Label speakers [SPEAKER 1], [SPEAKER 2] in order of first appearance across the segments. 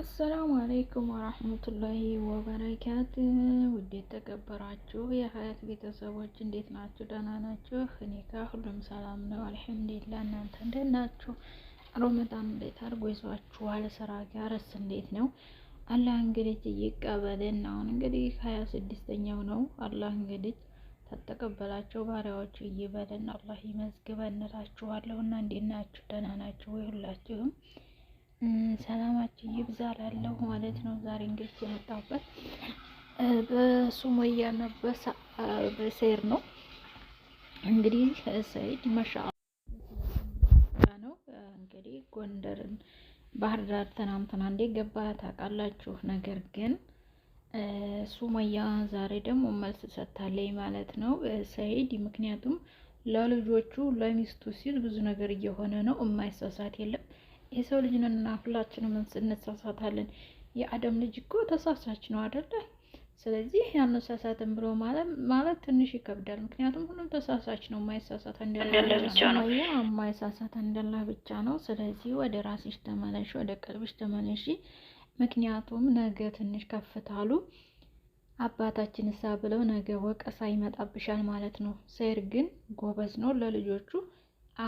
[SPEAKER 1] አሰላሙ አለይኩም ወራህመቱላሂ ወበረካት። ውድ የተከበራችሁ የሀያት ቤተሰቦች እንዴት ናችሁ? ደህና ናችሁ? እኔ ጋር ሁሉም ሰላም ነው አልሐምዱሊላህ። እናንተ እንዴት ናችሁ? ሮመዳን እንዴት አድርጎ ይዟችኋል? ስራ ጋርስ እንዴት ነው? አላህ እንግዲህ ይቀበልን። አሁን እንግዲህ ሀያ ስድስተኛው ነው። አላህ እንግዲህ ተተቀበላቸው ባሪያዎቹ ይበለን። አላህ ይመዝግበን እላችኋለሁ እና እንዴት ናችሁ? ደህና ናችሁ ወይ ሁላችሁም? ሰላማችን ይብዛ እላለሁ ማለት ነው። ዛሬ እንግዲህ የመጣሁበት በሱመያና በሰይድ ነው። እንግዲህ ሰይድ መሻአላ ነው እንግዲህ ጎንደርን ባህር ዳር ትናንትና እንዴ ገባ ታውቃላችሁ። ነገር ግን ሱመያ ዛሬ ደግሞ መልስ ሰጥታለች ማለት ነው ሰይድ ምክንያቱም ለልጆቹ ለሚስቱ ሲል ብዙ ነገር እየሆነ ነው። የማይሳሳት የለም የሰው ልጅ ነንና ሁላችንም እንሳሳታለን። የአደም ልጅ እኮ ተሳሳች ነው አደለ? ስለዚህ ያነሳሳትን ብሎ ማለት ትንሽ ይከብዳል። ምክንያቱም ሁሉም ተሳሳች ነው። ማይሳሳት እንዳለ ብቻ ማይሳሳት እንዳለ ብቻ ነው። ስለዚህ ወደ ራስሽ ተመለሽ፣ ወደ ቀልብሽ ተመለሽ። ምክንያቱም ነገ ትንሽ ከፍታሉ አባታችን እሳ ብለው ነገ ወቀሳ ይመጣብሻል ማለት ነው። ሰይር ግን ጎበዝ ነው ለልጆቹ።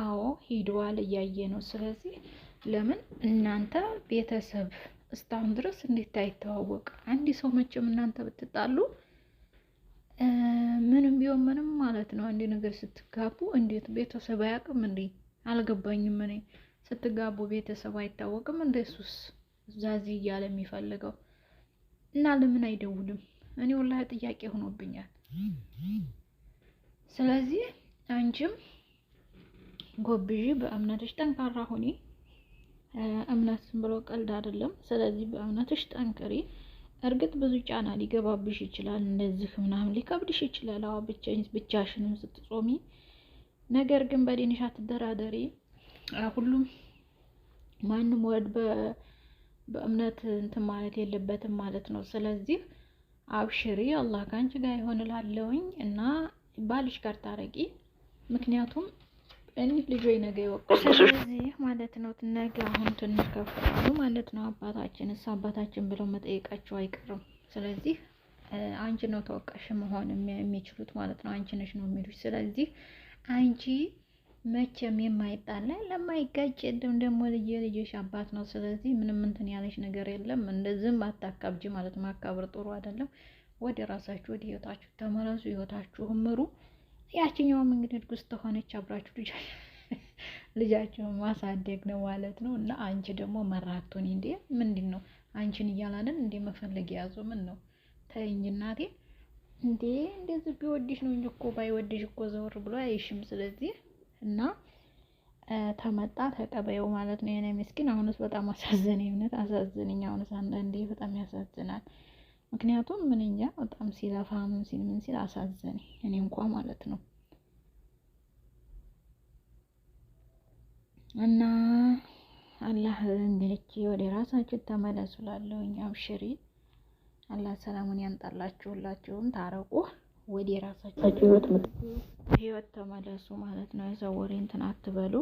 [SPEAKER 1] አዎ ሂደዋል፣ እያየ ነው። ስለዚህ ለምን እናንተ ቤተሰብ እስካሁን ድረስ እንዴት አይተዋወቅ? አንድ ሰው መቼም እናንተ ብትጣሉ ምንም ቢሆን ምንም ማለት ነው። አንድ ነገር ስትጋቡ እንዴት ቤተሰብ አያውቅም እንዴ? አልገባኝም እኔ። ስትጋቡ ቤተሰብ አይታወቅም እንደ ሱስ ዛዚ እያለ የሚፈልገው እና ለምን አይደውልም? እኔ ወላሂ ጥያቄ ሆኖብኛል። ስለዚህ አንቺም ጎብዢ፣ በእምነትሽ ጠንካራ ሁኔ እምነት ዝም ብሎ ቀልድ አይደለም። ስለዚህ በእምነትሽ ጠንክሪ። እርግጥ ብዙ ጫና ሊገባብሽ ይችላል፣ እንደዚህ ምናምን ሊከብድሽ ይችላል። አዎ ብቻሽንም ስትጾሚ፣ ነገር ግን በዲንሽ አትደራደሪ። ሁሉም ማንም ወድ በእምነት እንትን ማለት የለበትም ማለት ነው። ስለዚህ አብሽሪ፣ አላህ ከአንቺ ጋር ይሆንላለውኝ እና ባልሽ ጋር ታረቂ ምክንያቱም እኔ ልጆ ነገ ይወቅሱዚህ ማለት ነው። ነገ አሁን ትንከፍሉ ማለት ነው። አባታችን እሳ አባታችን ብለው መጠየቃቸው አይቀርም። ስለዚህ አንቺ ነው ተወቃሽ መሆን የሚችሉት ማለት ነው። አንቺ ነሽ ነው የሚሉሽ። ስለዚህ አንቺ መቼም የማይጣላ ለማይጋጭ እንደም ደግሞ የልጆች አባት ነው። ስለዚህ ምንም እንትን ያለሽ ነገር የለም። እንደዚህም አታካብጅ ማለት ማካብር ጥሩ አይደለም። ወደ ራሳችሁ ወደ ህይወታችሁ ተመለሱ። ህይወታችሁ ምሩ። ያችኛውም እንግዲህ እርጉዝ ተሆነች አብራችሁ ልጃችሁ ልጃችሁን ማሳደግ ነው ማለት ነው። እና አንቺ ደግሞ መራቶን እንዴ ምንድን ነው አንቺን እያላለን እንዴ መፈለግ የያዙ ምን ነው ተይኝ እናቴ እንዴ እንደዚህ ቢወድሽ ነው እንጂ እኮ ባይወድሽ እኮ ዘወር ብሎ አይሽም። ስለዚህ እና ተመጣ ተቀበየው ማለት ነው። የኔ ምስኪን አሁንስ በጣም አሳዘነኝ። እውነት አሳዘነኝ። አሁንስ አንዳንዴ በጣም ያሳዝናል። ምክንያቱም ምን እንጃ በጣም ሲለፋ ምን ሲል ምን ሲል አሳዘነ። እኔ እንኳ ማለት ነው እና አላህ እንግዲህ ወደ ራሳችሁ ተመለሱ እላለሁ። እኛም ሽሪ አላህ ሰላሙን ያንጣላችሁላችሁም ታረቁ፣ ወደ ራሳችሁ ህይወት ተመለሱ ማለት ነው። የሰው ወሬ እንትን አትበሉ።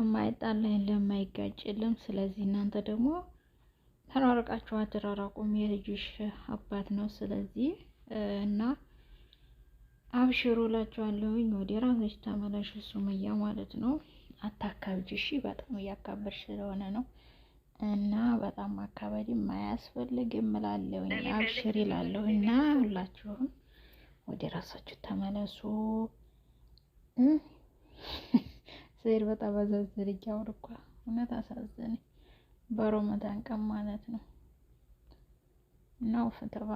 [SPEAKER 1] የማይጣላ የለም፣ የማይጋጭ የለም። ስለዚህ እናንተ ደግሞ ተራርቃችሁ አትራራቁም። የልጅሽ አባት ነው። ስለዚህ እና አብሽሮ ላችኋለሁኝ። ወደ ራስሽ ተመለሽ ሱመያ ማለት ነው። አታካብጅ እሺ። በጣም እያካበድሽ ስለሆነ ነው እና በጣም አካባቢም አያስፈልግም እላለሁኝ። አብሽር ይላለሁ እና ሁላችሁም ወደ ራሳችሁ ተመለሱ። ሰይድ በጣም አዘዝርጃ አውር እኮ እውነት አሳዘነኝ። በሮመዳን ቀን ማለት ነው እና ውፍ